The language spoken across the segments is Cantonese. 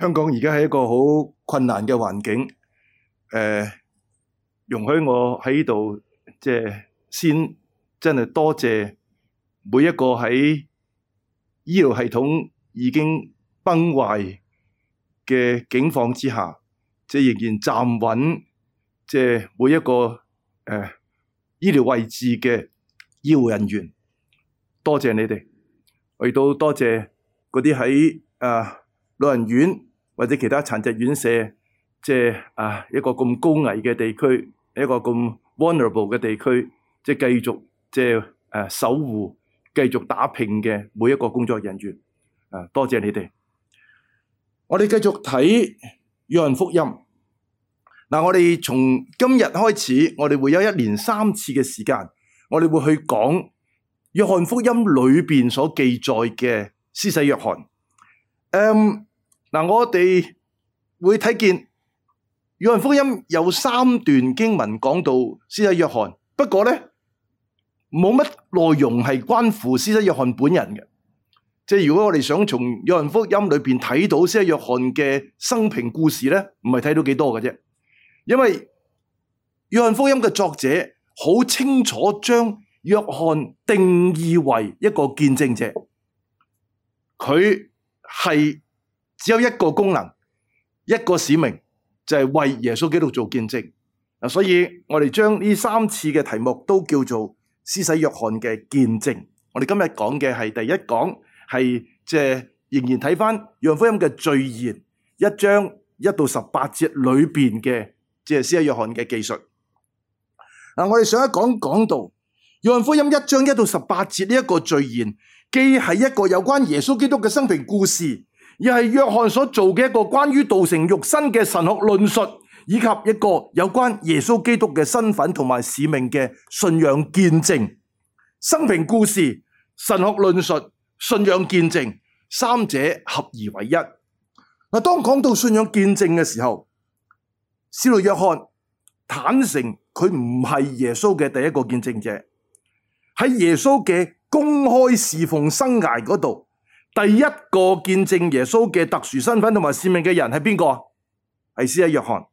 香港而家係一個好困難嘅環境，誒、呃，容許我喺度，即係先真係多謝每一個喺醫療系統已經崩壞嘅境況之下，即係仍然站穩，即係每一個誒、呃、醫療位置嘅醫護人員，多謝你哋，去到多謝嗰啲喺誒老人院。或者其他殘疾院舍，即係啊一個咁高危嘅地區，一個咁 vulnerable 嘅地區，即係繼續即係誒守護、繼續打拼嘅每一個工作人員，啊多謝你哋。我哋繼續睇約翰福音。嗱，我哋從今日開始，我哋會有一連三次嘅時間，我哋會去講約翰福音裏面所記載嘅施洗約翰。誒。嗱，我哋會睇見《約翰福音》有三段經文講到施洗約翰，不過呢咧冇乜內容係關乎施洗約翰本人嘅。即如果我哋想從《約翰福音》裏邊睇到施洗約翰嘅生平故事咧，唔係睇到幾多嘅啫，因為《約翰福音》嘅作者好清楚將約翰定義為一個見證者，佢係只有一個功能，一個使命，就係為耶穌基督做見證。所以我哋將呢三次嘅題目都叫做施洗約翰嘅見證。我哋今日講嘅係第一講，係即係仍然睇翻約翰福音嘅序言一章一到十八節裏面嘅，即係施洗約翰嘅技術。我哋上一講講到約翰福音一章一到十八節呢一個序言，既係一個有關耶穌基督嘅生平故事。又係約翰所做嘅一個關於道成肉身嘅神學論述，以及一個有關耶穌基督嘅身份同埋使命嘅信仰見證、生平故事、神學論述、信仰見證三者合而為一。當講到信仰見證嘅時候，使徒約翰坦誠佢唔係耶穌嘅第一個見證者，喺耶穌嘅公開侍奉生涯嗰度。第一個見證耶穌嘅特殊身份同埋使命嘅人係邊個？係施洗約翰。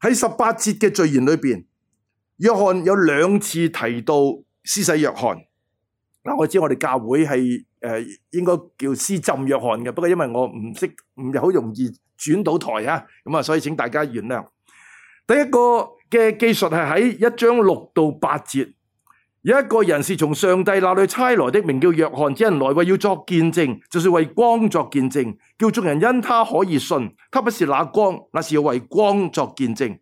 喺十八節嘅序言裏面，約翰有兩次提到施洗約翰。我知道我哋教會係、呃、應該叫施浸約翰嘅，不過因為我唔識唔好容易轉到台、啊、所以請大家原諒。第一個嘅記述係喺一章六到八節。有一個人是從上帝那裏差來的，名叫約翰，這人來為要作見證，就是為光作見證，叫眾人因他可以信。他不是那光，那是要為光作見證。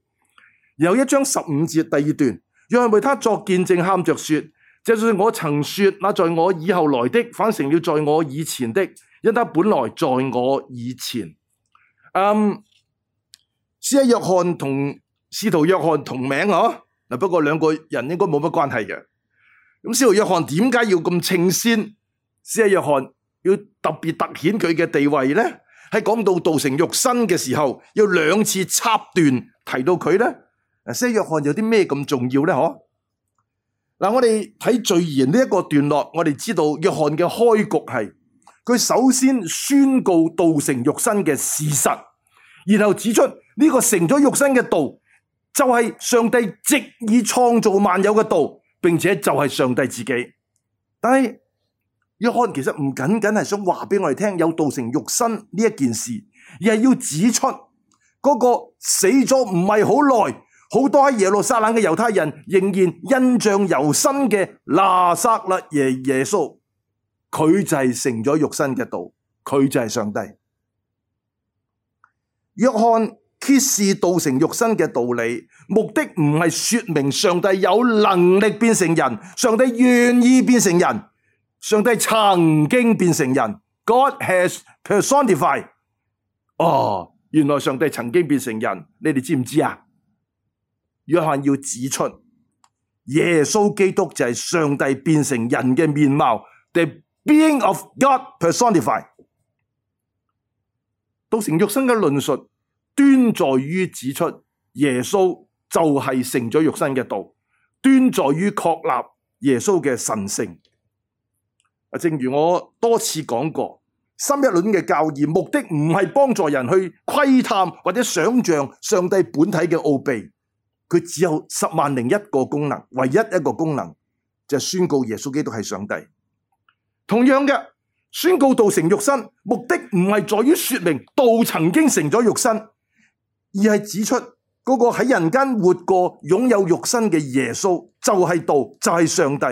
有一章十五節第二段，約翰為他作見證，喊着說：就算我曾說，那在我以後來的，反成了在我以前的，因他本來在我以前。嗯，只係約翰同司徒約翰同名啊。不過兩個人應該冇乜關係嘅。咁使徒約翰點解要咁稱先？使徒約翰要特別凸顯佢嘅地位呢？喺講到道成肉身嘅時候，要兩次插段提到佢呢？使徒約翰有啲咩咁重要呢？嗬？嗱，我哋睇序言呢一個段落，我哋知道約翰嘅開局係佢首先宣告道成肉身嘅事實，然後指出呢、這個成咗肉身嘅道就係、是、上帝直以創造萬有嘅道。並且就係上帝自己，但係約翰其實唔僅僅係想話俾我哋聽有道成肉身呢一件事，而係要指出嗰、那個死咗唔係好耐，好多喺耶路撒冷嘅猶太人仍然印象猶新嘅拿撒勒耶耶穌，佢就係成咗肉身嘅道，佢就係上帝。約翰。揭示道成肉身嘅道理，目的唔係說明上帝有能力變成人，上帝願意變成人，上帝曾經變成人。God has personified。哦，原來上帝曾經變成人，你哋知唔知啊？約翰要指出耶穌基督就係上帝變成人嘅面貌，The being of God personified。道成肉身嘅論述。端在於指出耶穌就是成咗肉身嘅道，端在於確立耶穌嘅神聖。正如我多次講過，新一輪嘅教義目的唔係幫助人去窺探或者想象上帝本體嘅奧秘，佢只有十萬零一個功能，唯一一個功能就是宣告耶穌基督是上帝。同樣嘅，宣告道成肉身，目的唔係在於說明道曾經成咗肉身。而係指出嗰個喺人間活過、擁有肉身嘅耶穌就係道，就係上帝。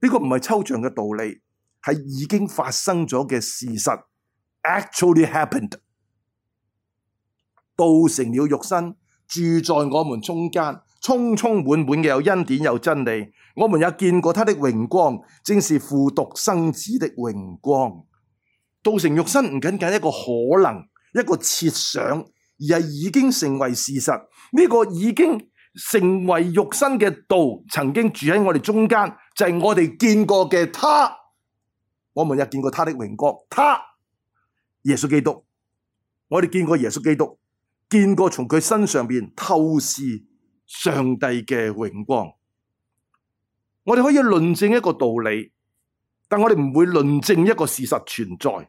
呢個唔係抽象嘅道理，係已經發生咗嘅事實。Actually happened，道成了肉身，住在我們中間，充充滿滿嘅有恩典有真理。我們也見過他的榮光，正是父獨生子的榮光。道成肉身唔僅僅一個可能。一個設想，而係已經成為事實。呢、這個已經成為肉身嘅道，曾經住喺我哋中間，就係、是、我哋見過嘅他。我們也見過他的榮光，他，耶穌基督。我哋見過耶穌基督，見過從佢身上面透視上帝嘅榮光。我哋可以論證一個道理，但我哋唔會論證一個事實存在。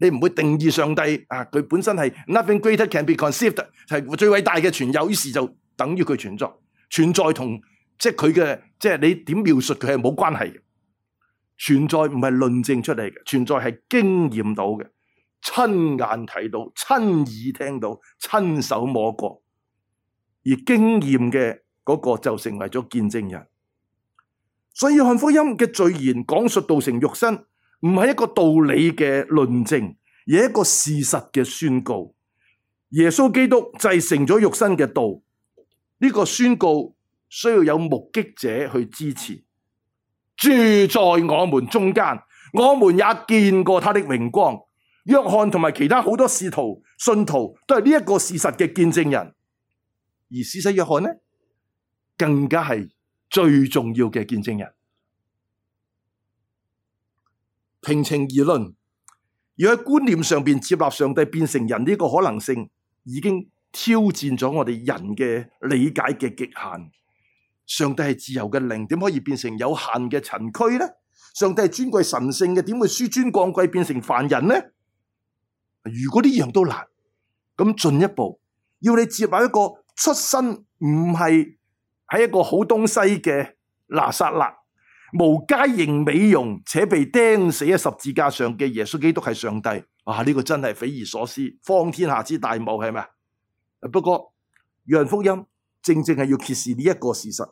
你唔會定義上帝啊！佢本身係 nothing greater can be conceived，係最偉大嘅存有，於是就等於佢存在。存在同即係佢嘅，即係你點描述佢係冇關係嘅。存在唔係論證出嚟嘅，存在係經驗到嘅，親眼睇到，到，親耳聽到，親手摸過。而經驗嘅嗰個就成為咗見證人。所以約翰福音嘅序言，講述道成肉身。唔係一個道理嘅論證，而係一個事實嘅宣告。耶穌基督繼承咗肉身嘅道，呢、這個宣告需要有目擊者去支持。住在我們中間，我們也見過他的榮光。約翰同埋其他好多使徒、信徒都係呢個事實嘅見證人，而使徒約翰呢，更加係最重要嘅見證人。平情而論，要喺觀念上邊接納上帝變成人呢、這個可能性，已經挑戰咗我哋人嘅理解嘅極限。上帝係自由嘅靈，點可以變成有限嘅塵區咧？上帝係尊貴神性嘅，點會輸尊降貴變成凡人咧？如果呢樣都難，咁進一步要你接納一個出身唔係喺一個好東西嘅拿撒勒。無佳形美容，且被釘死喺十字架上嘅耶穌基督係上帝。啊！呢、這個真是匪夷所思，荒天下之大謬，係咪啊？不過，約翰福音正正是要揭示呢一個事實。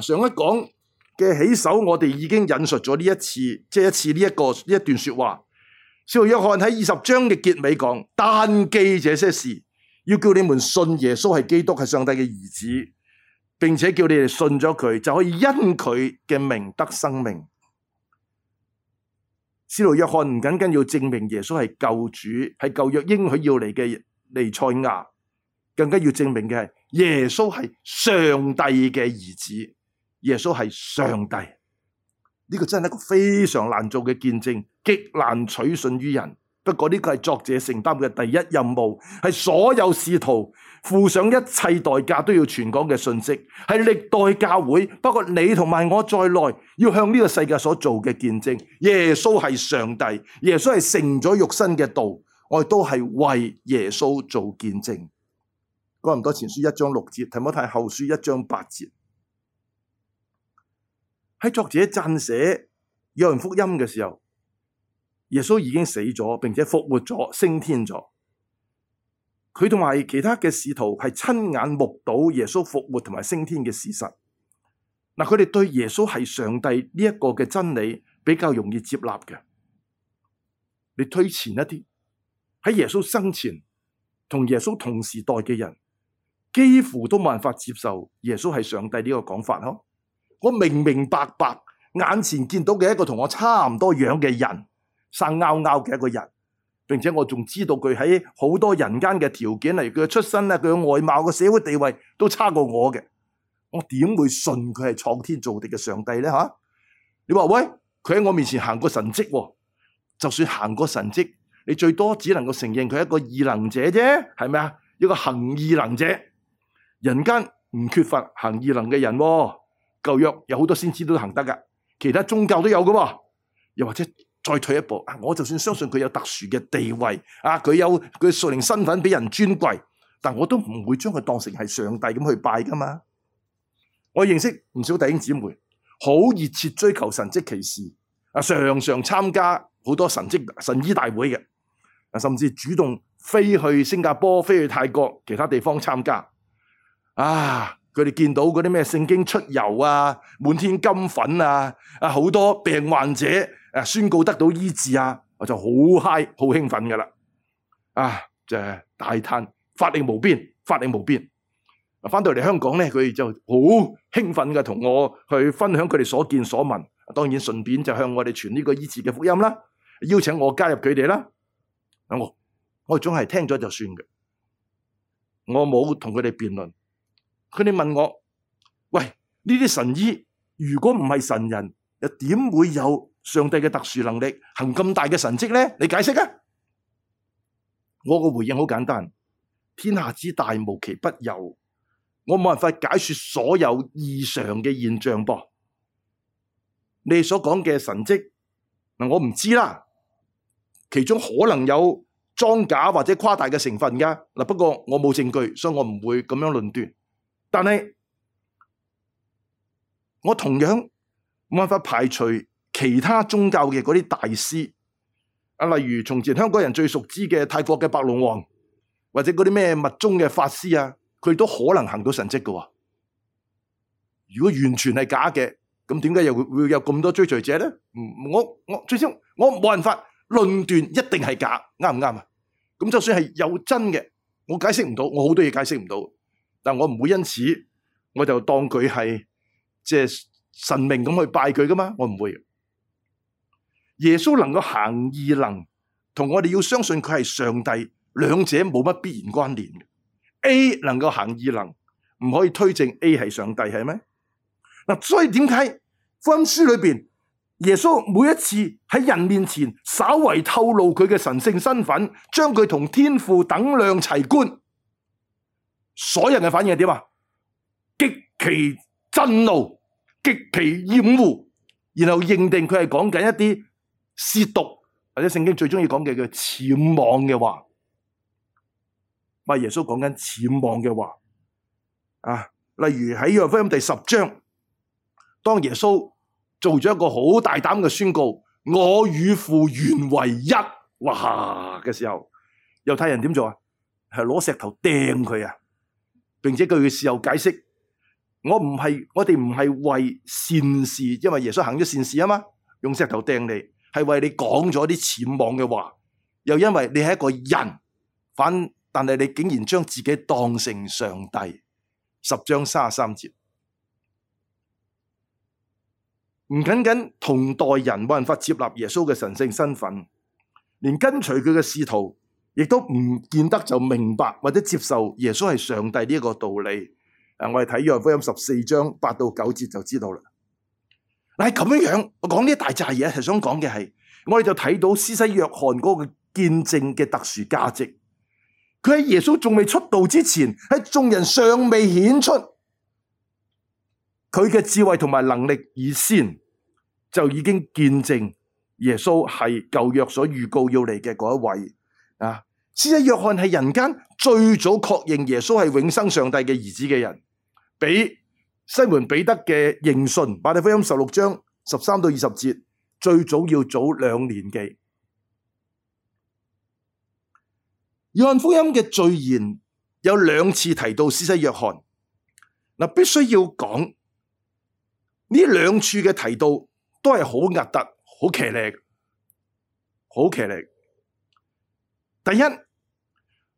上一講嘅起手，我哋已經引述咗呢一次，即係一次呢一個呢一段說話。使徒約翰喺二十章嘅結尾講：但記這些事，要叫你們信耶穌係基督，係上帝嘅兒子。並且叫你哋信咗佢，就可以因佢嘅名得生命。施浸約翰唔僅僅要證明耶穌係救主，係舊約應許要嚟嘅彌賽亞，更加要證明嘅係耶穌係上帝嘅兒子，耶穌係上帝。呢、這個真係一個非常難做嘅見證，極難取信於人。不過呢個係作者承擔嘅第一任務，係所有使徒付上一切代價都要傳講嘅信息，係歷代教會，包括你同埋我在內，要向呢個世界所做嘅見證。耶穌係上帝，耶穌係成咗肉身嘅道，我哋都係為耶穌做見證。提摩太前書一章六節，提摩太後書一章八節。喺作者撰寫約翰福音嘅時候，耶穌已經死咗，並且復活咗，升天咗。佢同埋其他嘅使徒係親眼目睹耶穌復活同埋升天嘅事實。嗱，佢哋對耶穌係上帝呢一個嘅真理比較容易接納嘅。你推前一啲喺，耶穌生前，同耶穌同時代嘅人幾乎都冇辦法接受耶穌係上帝呢個講法。我明明白白眼前見到嘅一個同我差唔多樣嘅人，生拗拗嘅一個人，並且我仲知道佢喺好多人間嘅條件，例如佢嘅出身啦、佢嘅外貌、嘅社會地位都差過我嘅，我點會信佢係創天造地嘅上帝咧？吓、啊，你話喂，佢喺我面前行過神蹟、哦，就算行過神蹟，你最多只能夠承認佢係一個異能者啫，係咪啊？一個行異能者，人間唔缺乏行異能嘅人、哦，舊約有好多先知都行得噶，其他宗教都有噶、哦，又或者。再退一步，我就算相信佢有特殊嘅地位，啊，佢有佢屬靈身份俾人尊貴，但我都唔會將佢當成係上帝咁去拜噶嘛。我認識唔少弟兄姊妹，好熱切追求神蹟奇事，常常參加好多神蹟神醫大會嘅，甚至主動飛去新加坡、飛去泰國其他地方參加。啊，佢哋見到嗰啲咩聖經出油啊，滿天金粉啊，好多病患者。宣告得到醫治啊！我就好嗨、好興奮嘅啦，啊，就大嘆法力無邊，法力無邊。翻到嚟香港呢，佢哋就好興奮嘅，同我去分享佢哋所見所聞。當然順便就向我哋傳呢個醫治嘅福音啦，邀請我加入佢哋啦。我我總係聽咗就算嘅，我冇同佢哋辯論。佢哋問我：喂，呢啲神醫如果唔係神人，又點會有？上帝嘅特殊能力行咁大嘅神蹟咧，你解釋啊？我個回應好簡單，天下之大，無奇不有，我冇辦法解說所有異常嘅現象噃。你所講嘅神蹟嗱，我唔知啦，其中可能有裝假或者誇大嘅成分噶嗱，不過我冇證據，所以我唔會咁樣論斷。但係我同樣冇辦法排除。其他宗教嘅嗰啲大師，例如從前香港人最熟知嘅泰國嘅白龍王，或者嗰啲咩密宗嘅法師啊，佢都可能行到神蹟嘅。如果完全係假嘅，咁點解又會有咁多追隨者咧？嗯，我我最終我冇辦法論斷一定係假，啱唔啱啊？咁就算係有真嘅，我解釋唔到，我好多嘢解釋唔到。但我唔會因此我就當佢係即係神明咁去拜佢噶嘛，我唔會。耶穌能夠行異能，同我哋要相信佢係上帝，兩者冇乜必然關聯。A 能夠行異能，唔可以推證 A 係上帝，係咩？嗱，所以點解福音書裏面，耶穌每一次喺人面前稍為透露佢嘅神聖身份，將佢同天父等量齊觀，所有人嘅反應係點呀？極其震怒，極其厭惡，然後認定佢係講緊一啲。褻瀆或者聖經最中意講嘅叫僭妄嘅話，不是耶穌講緊僭妄嘅話、啊、例如喺約福音第十章，當耶穌做咗一個好大膽嘅宣告：我與父原為一。嘩嘅時候，猶太人點做啊？係攞石頭掟佢啊，並且據佢事後解釋：我唔係我哋唔係為善事，因為耶穌行咗善事啊嘛，用石頭掟你。係為你講咗啲僭妄嘅話，又因為你係一個人，反但係你竟然將自己當成上帝，十章三十三節不緊緊，唔僅僅同代人冇辦法接納耶穌嘅神聖身份，連跟隨佢嘅使徒，亦都唔見得就明白或者接受耶穌係上帝呢一個道理。我哋睇約翰福音十四章八到九節就知道啦。嗱，咁樣樣，我講呢一大扎嘢，係想講嘅係我們就看到施洗約翰嗰個見證嘅特殊價值。佢喺耶穌仲未出道之前，喺眾人尚未顯出佢嘅智慧同埋能力以先，就已經見證耶穌係舊約所預告要嚟嘅嗰一位。啊，施洗約翰係人間最早確認耶穌係永生上帝嘅兒子嘅人，俾，西門彼得嘅認信，馬太福音十六章十三到二十節，最早要早兩年幾。約翰福音嘅序言有兩次提到施洗約翰，必須要講呢兩處嘅提到都係好壓得好騎呢，好騎呢。第一，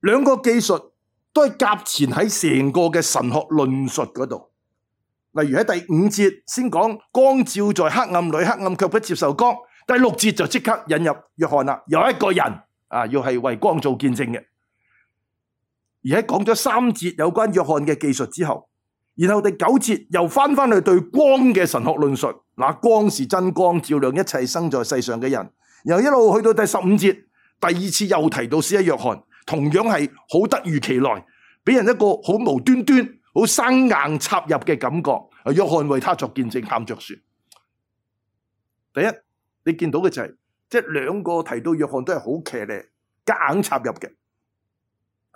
兩個技術都係夾前喺成個嘅神學論述嗰度。例如喺第五節先講光照在黑暗裏，黑暗卻不接受光。第六節就即刻引入約翰啦，有一個人啊，要係為光做見證嘅。而喺講咗三節有關約翰嘅技術之後，然後第九節又返返去對光嘅神學論述。嗱，光是真光，照亮一切生在世上嘅人。然後一路去到第十五節，第二次又提到施浸約翰，同樣係好突如其來，畀人一個好無端端。好生硬插入嘅感覺，啊！約翰為他作見證，喊着説。第一，你見到嘅就係、係、即兩個提到約翰都係好騎呢，夾硬插入嘅。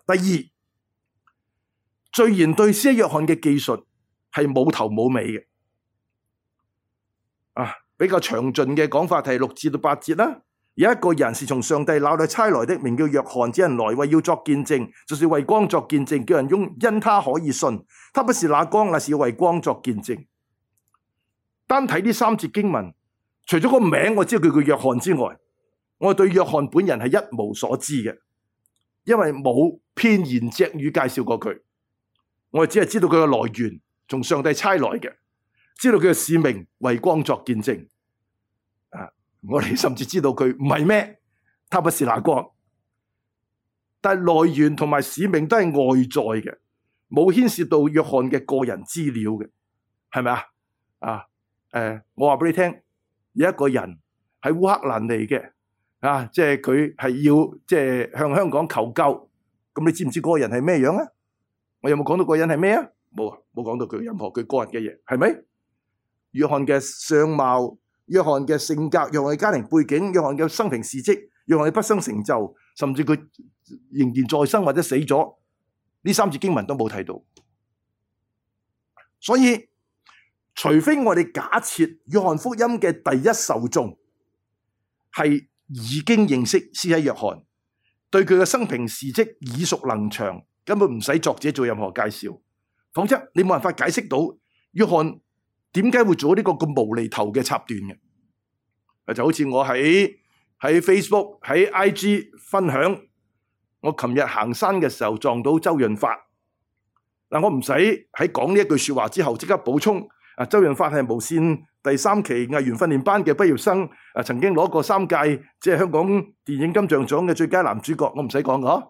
第二，雖然對施約翰嘅技術係冇頭冇尾嘅。啊，比較詳盡嘅講法，係六節到八節啦。有一個人是從上帝那裏差來的，名叫約翰，這人來為要作見證，就是為光作見證，叫人用因他可以信。他不是那光，乃是為光作見證。單睇呢三節經文，除咗個名字我知道佢叫約翰之外，我對約翰本人係一無所知嘅，因為冇片言隻語介紹過佢，我只係知道佢嘅來源從上帝差來嘅，知道佢嘅使命為光作見證。我哋甚至知道佢唔係咩，他不是那光，但係來源同埋使命都係外在嘅，冇牽涉到約翰嘅個人資料嘅，係咪啊？啊，呃，我話俾你聽，有一個人喺烏克蘭嚟嘅，啊，即係佢係要即係向香港求救，咁你知唔知嗰個人係咩樣啊？我有冇有講到嗰個人係咩啊？冇沒冇講到佢任何他個人嘅嘢，係咪？約翰嘅相貌。約翰嘅性格、約翰嘅家庭背景、約翰嘅生平事蹟、約翰嘅畢生成就，甚至佢仍然在生或者死咗，呢三節經文都冇睇到。所以，除非我哋假設《約翰福音》嘅第一受眾係已經認識施浸約翰，對佢嘅生平事迹耳熟能詳，根本唔使作者做任何介紹，否則你冇辦法解釋到約翰。點解會做呢個咁無厘頭嘅插段？就好似我喺喺 Facebook、喺，book，喺 IG 分享，我琴日行山嘅時候撞到周潤發。嗱，我唔使喺講呢句說話之後即刻補充，啊，周潤發係無綫第三期藝員訓練班嘅畢業生，啊，曾經攞過三屆即係香港電影金像獎嘅最佳男主角，我唔使講㗎。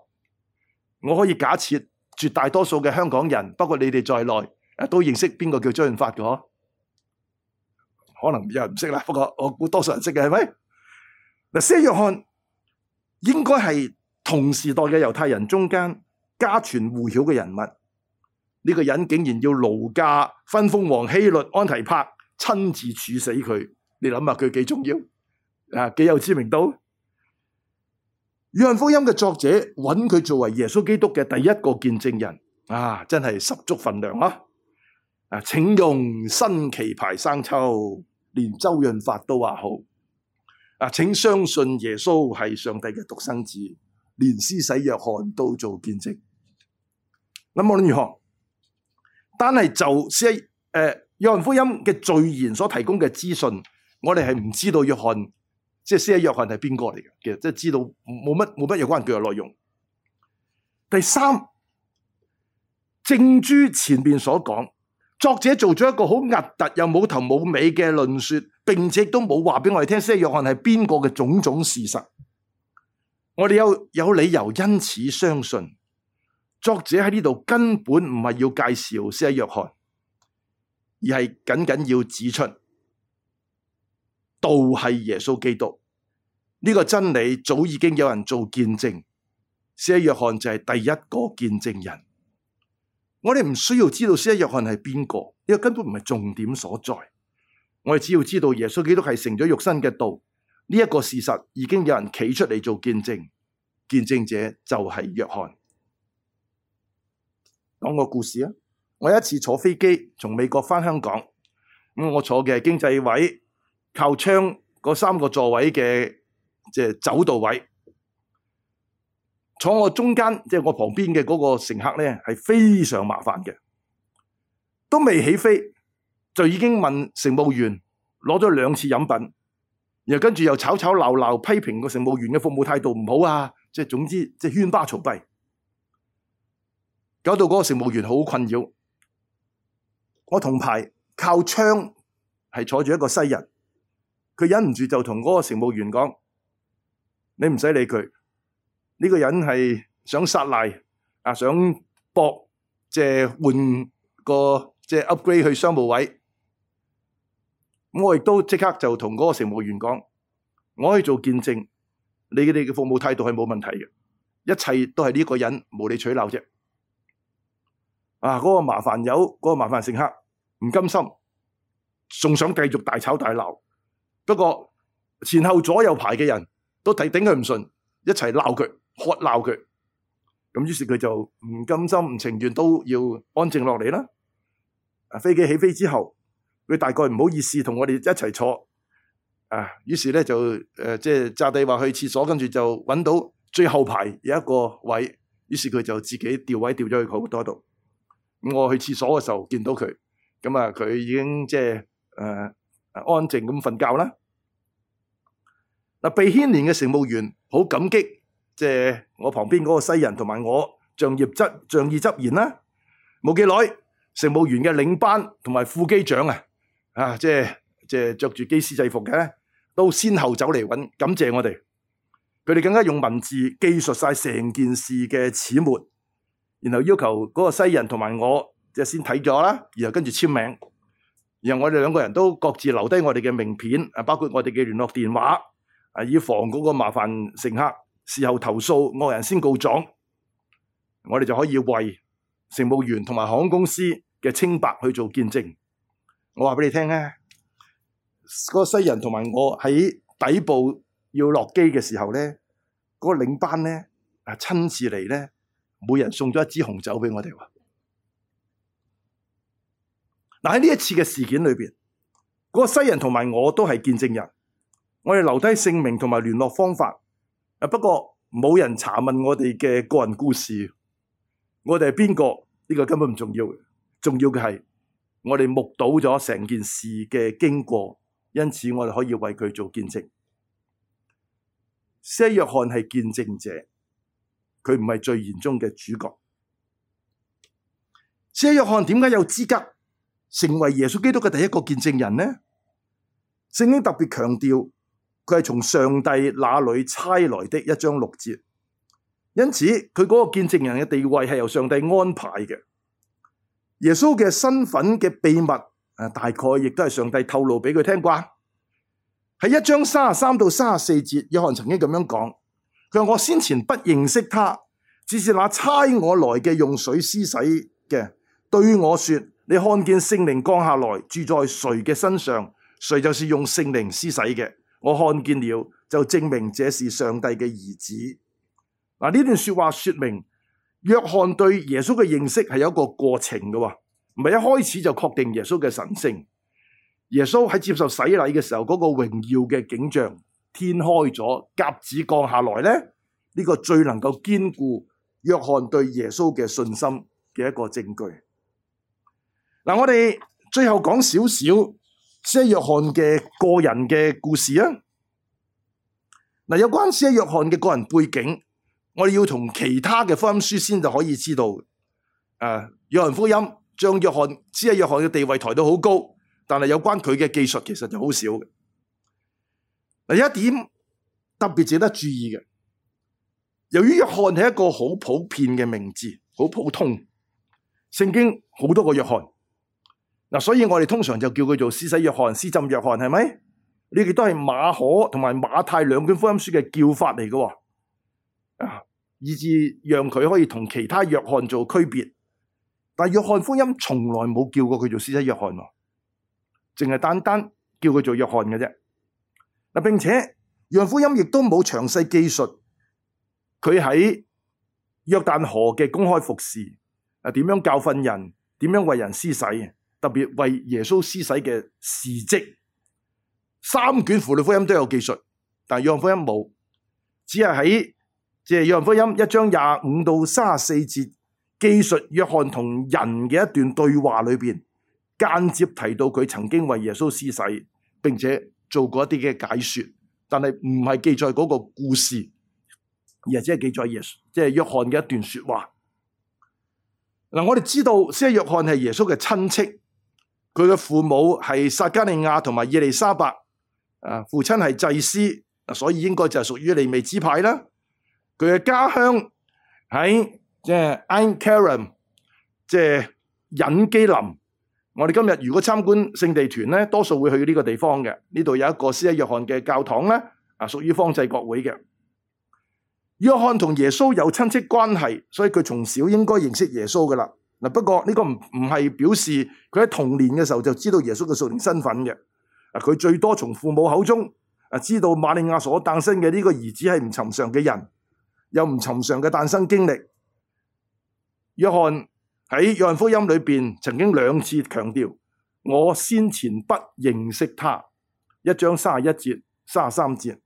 我可以假設絕大多數嘅香港人，包括你哋在內，都認識邊個叫周潤發噶可能又唔識啦，不過我估多數人識嘅係咪？嗱，施約翰應該係同時代嘅猶太人中間家傳戶曉嘅人物。呢、這個人竟然要勞駕分封王希律、安提帕親自處死佢，你諗吓，佢幾重要啊？幾有知名度？《約翰福音》嘅作者揾佢作為耶穌基督嘅第一個見證人啊，真係十足份量咯！啊，請用新奇牌生抽。連周潤發都話好啊，請相信耶穌係上帝嘅獨生子，連施洗約翰都做見證。咁無論如何，單係就 C A、呃、約翰福音嘅序言所提供嘅資訊，我哋係唔知道約翰即係 C 的約翰係邊個嚟嘅。其實即係知道冇乜冇乜有關佢嘅內容。第三，正如前面所講。作者做咗一個好核突又冇頭冇尾嘅論說，並且亦都冇話畀我哋聽，施浸約翰係邊個嘅種種事實，我哋有有理由因此相信，作者喺呢度根本唔係要介紹施浸約翰，而係僅僅要指出，道係耶穌基督呢個真理早已經有人做見證，施浸約翰就係第一個見證人。我哋唔需要知道施浸約翰係邊個，呢個根本唔係重點所在。我哋只要知道耶穌基督係成咗肉身嘅道，呢一個事實已經有人企出嚟做見證，見證者就係約翰。講個故事啊！我一次坐飛機從美國返香港，我坐嘅經濟位靠窗嗰三個座位嘅即係走道位。坐我中間，即係我旁邊嘅嗰個乘客咧，係非常麻煩嘅，都未起飛就已經問乘務員攞咗兩次飲品，然後跟住又吵吵鬧鬧，批評個乘務員嘅服務態度唔好啊！即係總之即係喧巴嘈閉，搞到嗰個乘務員好困擾。我同排靠窗係坐住一個西人，佢忍唔住就同嗰個乘務員講：你唔使理佢。呢個人係想耍賴、啊、想博即係換個即係 upgrade 去商務位。我亦都即刻就同嗰個乘務員講，我可以做見證，你哋嘅服務態度係冇問題嘅，一切都係呢個人無理取鬧啫。啊！嗰、那個麻煩友，嗰、那個麻煩乘客唔甘心，仲想繼續大吵大鬧。不過前後左右排嘅人都睇頂佢唔順，一齊鬧佢。.喝鬧佢，咁於是佢就唔甘心唔情願都要安靜落嚟啦。飛機起飛之後，佢大概唔好意思同我哋一齊坐，於於是咧就即係詐地話去廁所，跟住就搵到最後排有一個位，於是佢就自己調位調咗去好多度。我去廁所嘅時候見到佢，咁呀佢已經即係、呃、安靜咁瞓覺啦。被牽連嘅乘務員好感激。即係我旁邊嗰個西人同埋我仗義執、仗義執言啦，冇幾耐乘務員嘅領班同埋副機長啊，啊即係即係着住機師制服嘅，都先後走嚟揾感謝我哋，佢哋更加用文字記述晒成件事嘅始末，然後要求嗰個西人同埋我即係先睇咗啦，然後跟住簽名，然後我哋兩個人都各自留低我哋嘅名片，包括我哋嘅聯絡電話，以防嗰個麻煩乘客，事後投訴，惡人先告狀，我哋就可以為乘務員同埋航空公司嘅清白去做見證。我話俾你聽咧，嗰個西人同埋我喺底部要落機嘅時候，嗰個領班呢親自嚟呢，每人送咗一支紅酒俾我哋。嗱喺呢一次嘅事件裏面，嗰、嗰個西人同埋我都係見證人，我哋留低姓名同埋聯絡方法。不過冇人查問我哋嘅個人故事，我哋係邊個，呢個根本唔重要。重要嘅係我哋目睹咗成件事嘅經過，因此我哋可以為佢做見證。施浸約翰係見證者，佢唔係最嚴重嘅主角。施浸約翰點解有資格成為耶穌基督嘅第一個見證人呢？聖經特別強調。係從上帝那裏差來的一章六節，因此佢嗰個見證人嘅地位係由上帝安排嘅。耶穌嘅身份嘅秘密，大概亦都係上帝透露俾佢聽啩。喺一章三十三到三十四節，約翰曾經咁樣講：，佢話我先前不認識他，只是那差我來嘅用水施洗嘅，對我說：，你看見聖靈降下來，住在誰嘅身上，誰就是用聖靈施洗嘅。我看見了，就證明這是上帝嘅兒子。嗱，呢段說話說明約翰對耶穌嘅認識係有一個過程嘅喎，唔係一開始就確定耶穌嘅神性。耶穌喺接受洗禮嘅時候，嗰、那個榮耀嘅景象，天開咗，鴿子降下來呢，呢、這個最能夠堅固約翰對耶穌嘅信心嘅一個證據。嗱，我哋最後講少少。施約翰嘅個人嘅故事有關施約翰嘅個人背景，我哋要從其他嘅福音書先就可以知道。約、啊、約翰福音將約翰施約翰嘅地位抬到好高，但係有關佢嘅技術其實就好少嘅。有一點特別值得注意嘅，由於約翰係一個好普遍嘅名字，好普通，聖經好多個約翰。所以我哋通常就叫佢做施洗約翰、施浸約翰，係咪？呢啲都是馬可同埋馬太兩卷福音書嘅叫法嚟嘅，以致讓佢可以同其他約翰做區別。但約翰福音從來冇叫過佢做施洗約翰，淨係單單叫佢做約翰嘅啫。並且約翰福音亦都冇詳細記述佢喺約旦河嘅公開服侍，點樣教訓人，點樣為人施洗。特別為耶穌施洗的事蹟，三卷符類福音都有記述，但約翰福音沒有，只是在即約翰福音一章廿五到三十四節，記述約翰同人的一段對話裏面，間接提到他曾經為耶穌施洗，並且做過一啲嘅解說，但是不是記載那個故事，而係只係記載耶穌即、就是、約翰的一段說話。我哋知道，即係約翰是耶穌的親戚。佢嘅父母係撒加利亞同埋耶利沙伯，父親係祭司，所以應該就係屬於利未支派啦。佢嘅家鄉喺即係埃克蘭，即係隱基林。我哋今日如果參觀聖地團呢，多數會去呢個地方嘅。呢度有一個施浸約翰嘅教堂呢啊，屬於方濟國會嘅。約翰同耶穌有親戚關係，所以佢從小應該認識耶穌噶啦。不過呢個唔係表示佢喺童年嘅時候就知道耶穌嘅少年身份嘅。啊，佢最多從父母口中知道馬利亞所誕生嘅呢個兒子係唔尋常嘅人，又唔尋常嘅誕生經歷。約翰喺約翰福音裏面曾經兩次強調，我先前不認識他。一章三十一節、三十三節，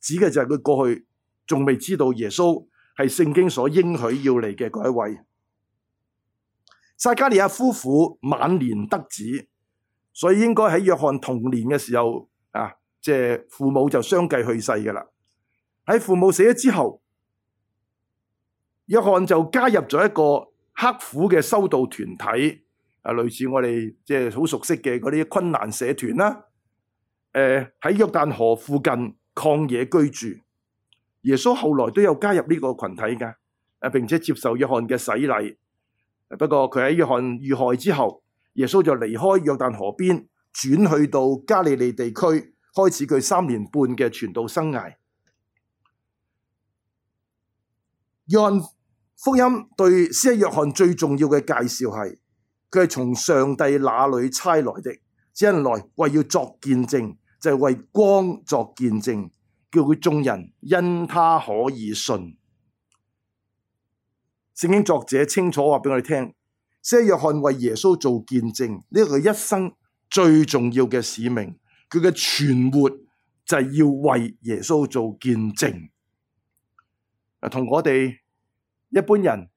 指嘅就係佢過去仲未知道耶穌係聖經所應許要嚟嘅嗰一位。撒加利亞夫婦晚年得子，所以應該喺約翰童年嘅時候啊，即係父母就相繼去世㗎喇。喺父母死咗之後，約翰就加入咗一個刻苦嘅修道團體，啊，類似我哋即係好熟悉嘅嗰啲昆蘭社團啦。誒，喺約旦河附近曠野居住，耶穌後來都有加入呢個群體噶，並且接受約翰嘅洗禮。不過佢喺約翰遇害之後，耶穌就離開約旦河邊，轉去到加利利地區，開始佢三年半嘅傳道生涯。約翰福音對施浸約翰最重要嘅介紹係，佢係從上帝那裏差來的，只因來為要作見證，就係為光作見證，叫佢眾人因他可以信。聖經作者清楚話俾我哋聽，施約翰為耶穌做見證，呢個係一生最重要嘅使命。佢嘅存活就係要為耶穌做見證。同我哋一般人，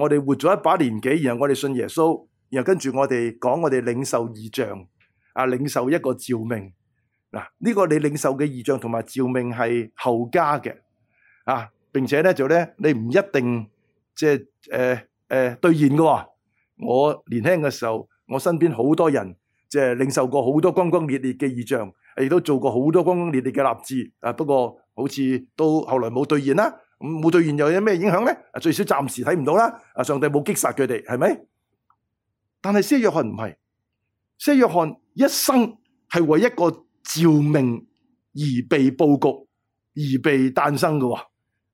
我哋活咗一把年紀，然後我哋信耶穌，然後跟住我哋講我哋領受異象啊，領受一個召命。嗱，呢個你領受嘅異象同埋召命係後加嘅啊，並且咧就咧，你唔一定。即係誒誒兌現嘅喎，我年輕嘅時候，我身邊好多人即係、呃、領受過好多轟轟烈烈嘅異象，亦都做過好多轟轟烈烈嘅立志。啊，不過好似都後來冇兌現啦。咁冇兌現又有咩影響咧？最少暫時睇唔到啦。啊，上帝冇擊殺佢哋，係咪？但係施約翰唔係，施約翰一生係為一個召命而被佈局而被誕生嘅喎。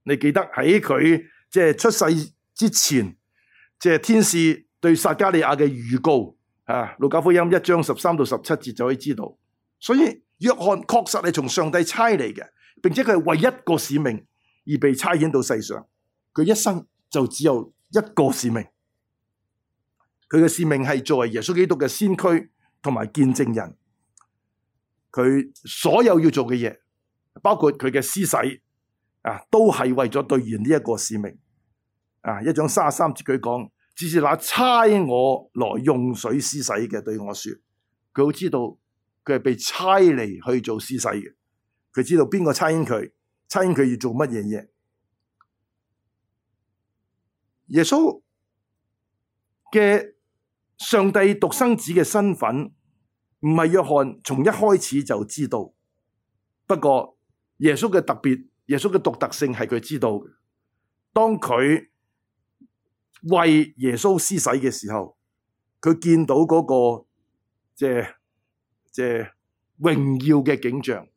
你記得喺佢？即係出世之前，即係天使對撒加利亞嘅預告啊，《路加福音》一章十三到十七節就可以知道。所以約翰確實係從上帝差嚟嘅，並且佢係為一個使命而被差遣到世上。佢一生就只有一個使命，佢嘅使命係作為耶穌基督嘅先驅同埋見證人。佢所有要做嘅嘢，包括佢嘅施洗啊，都係為咗兌現呢一個使命。啊！一章三十三節佢講，只是那差我來用水施洗嘅，對我說，佢好知道佢係被差嚟去做施洗嘅，佢知道邊個差佢，差佢要做乜嘢嘢。耶穌嘅上帝獨生子嘅身份，唔係約翰從一開始就知道。不過耶穌嘅特別，耶穌嘅獨特性係佢知道的，當佢，為耶穌施洗嘅時候，佢見到嗰個即係即係榮耀嘅景象，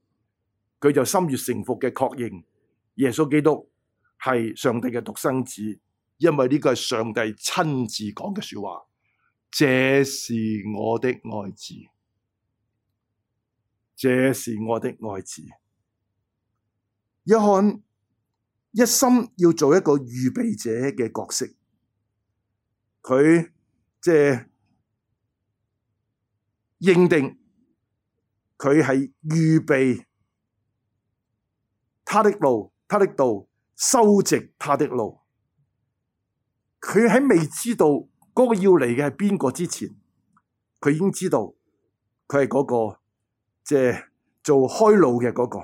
佢就心悅誠服嘅確認耶穌基督係上帝嘅獨生子，因為呢個係上帝親自講嘅說話。這是我的愛子，這是我的愛子。約翰一心要做一個預備者嘅角色。佢即係認定佢係預備他的路，他的道，修直他的路。佢喺未知道嗰個要嚟嘅係邊個之前，佢已經知道佢係嗰個即係做開路嘅嗰個。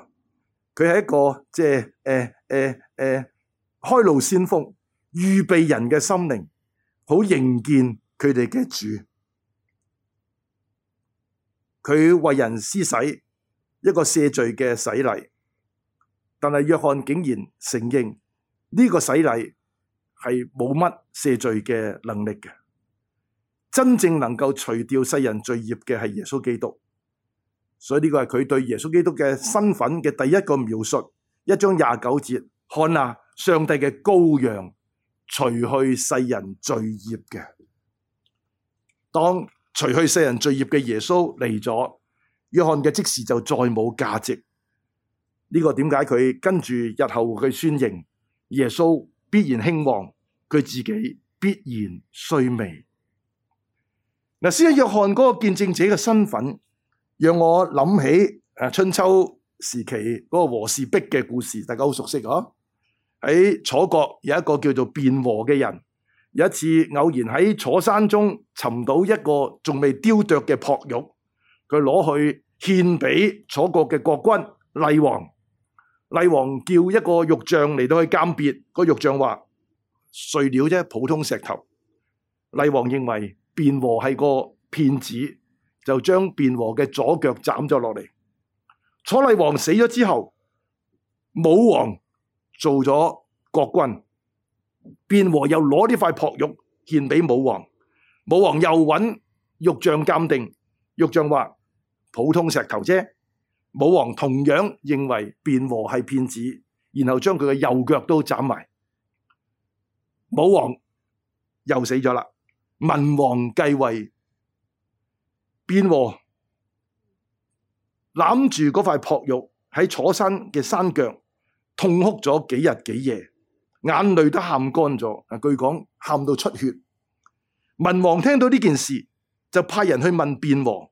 佢係一個即係誒誒誒開路先鋒，預備人嘅心靈好迎見佢哋嘅主，佢為人施洗，一個赦罪嘅洗禮，但係約翰竟然承認呢個洗禮係冇乜赦罪嘅能力嘅，真正能夠除掉世人罪孽嘅係耶穌基督，所以呢個係佢對耶穌基督嘅身份嘅第一個描述。一章廿九節，看啊，上帝嘅羔羊。除去世人罪孽嘅。當除去世人罪孽嘅耶穌嚟咗，約翰嘅即時就再冇價值。呢個點解佢跟住日後佢宣認耶穌必然興旺，佢自己必然衰微。先係約翰嗰個見證者嘅身份，讓我諗起誒春秋時期嗰個和氏璧嘅故事，大家好熟悉嗬。喺楚國有一個叫做卞和嘅人，有一次偶然喺楚山中尋到一個仲未雕琢嘅璞玉，佢攞去獻俾楚國嘅國君厲王。厲王叫一個玉匠嚟到去鑑別，個玉匠話碎料啫，普通石頭。厲王認為卞和係個騙子，就將卞和嘅左腳斬咗落嚟。楚厲王死咗之後，武王，做咗國君，卞和又攞呢塊璞玉獻俾武王，武王又搵玉匠鑑定，玉匠話普通石頭啫，武王同樣認為卞和係騙子，然後將佢嘅右腳都斬埋，武王又死咗啦，文王繼位，卞和攬住嗰塊璞玉喺楚山嘅山腳。痛哭咗幾日幾夜，眼淚都喊乾咗。據講喊到出血。文王聽到呢件事，就派人去問卞和。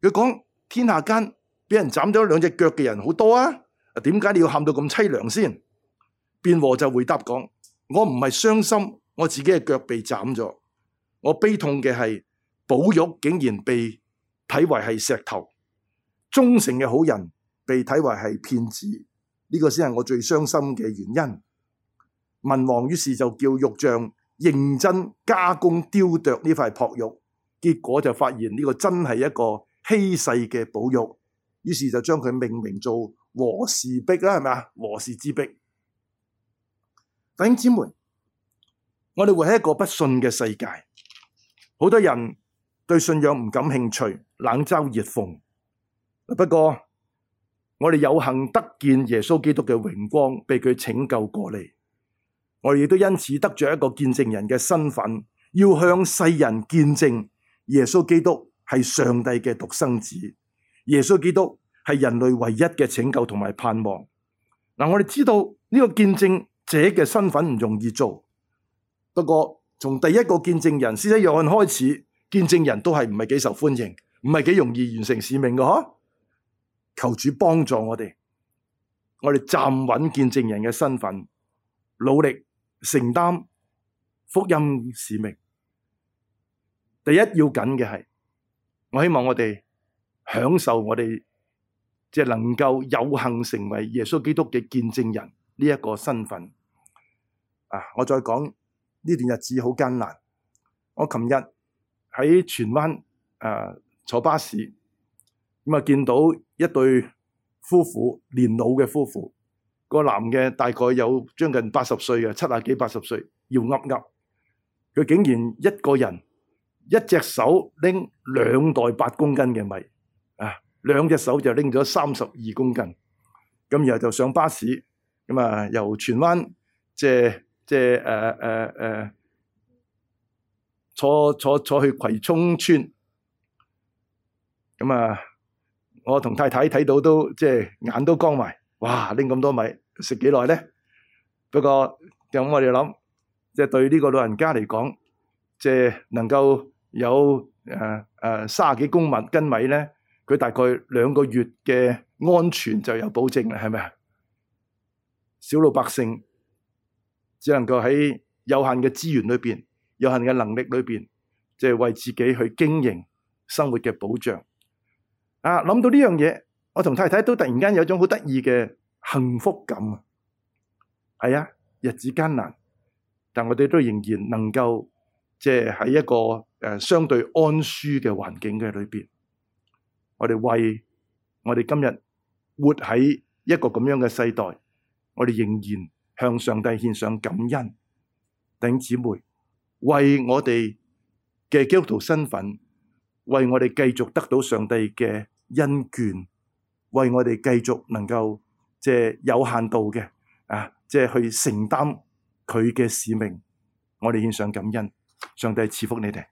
佢講：天下間俾人斬咗兩隻腳嘅人好多啊，點解你要喊到咁淒涼先？卞和就回答講：我唔係傷心我自己嘅腳被斬咗，我悲痛嘅係寶玉竟然被睇為係石頭，忠誠嘅好人被睇為係騙子。呢個先係我最傷心嘅原因。文王於是就叫玉匠認真加工雕琢呢塊璞玉，結果就發現呢個真係一個稀世嘅寶玉，於是就將佢命名做和氏璧啦，係咪？和氏之璧。弟兄姊妹，我哋活喺一個不信嘅世界，好多人對信仰唔感興趣，冷嘲熱諷。不過，我哋有幸得見耶穌基督嘅榮光，被佢拯救過嚟，我哋亦都因此得著一個見證人嘅身份，要向世人見證耶穌基督係上帝嘅獨生子，耶穌基督係人類唯一嘅拯救同埋盼望。嗱，我哋知道呢個見證者嘅身份唔容易做，不過從第一個見證人施洗約翰開始，見證人都係唔係幾受歡迎，唔係幾容易完成使命嘅求主幫助我哋，我哋站穩見證人嘅身份，努力承擔福音使命。第一要緊嘅係，我希望我哋享受我哋，即係能夠有幸成為耶穌基督嘅見證人呢一個身份。啊，我再講，呢段日子好艱難。我琴日喺荃灣，呃，坐巴士。咁啊，見到一對夫婦，年老嘅夫婦，個男嘅大概有將近八十歲，七啊幾八十歲，要噏噏。佢竟然一個人一隻手拎兩袋八公斤嘅米，啊，兩隻手就拎咗三十二公斤。咁啊，然後就上巴士，咁啊，由荃灣即係即係誒誒誒，坐坐坐去葵涌村，咁啊～我同太太睇到都即係眼都乾埋，哇！拎咁多米食幾耐呢？不過咁我哋諗，即係對呢個老人家嚟講，即係能夠有啊啊三十幾公斤米呢，佢大概兩個月嘅安全就有保證啦，係咪啊？小老百姓只能夠喺有限嘅資源裏邊，有限嘅能力裏邊，即係為自己去經營生活嘅保障。啊！想到呢樣嘢，我同太太都突然間有一種好得意嘅幸福感。係啊，日子艱難，但我哋都仍然能夠即喺一個相對安舒嘅環境嘅裏邊，我哋為我哋今日活喺一個咁樣嘅世代，我哋仍然向上帝獻上感恩。弟兄姊妹為我哋嘅基督徒身份，為我哋繼續得到上帝嘅。恩眷，為我哋繼續能夠即係有限度嘅，啊，即係去承擔佢嘅使命，我哋獻上感恩，上帝賜福你哋。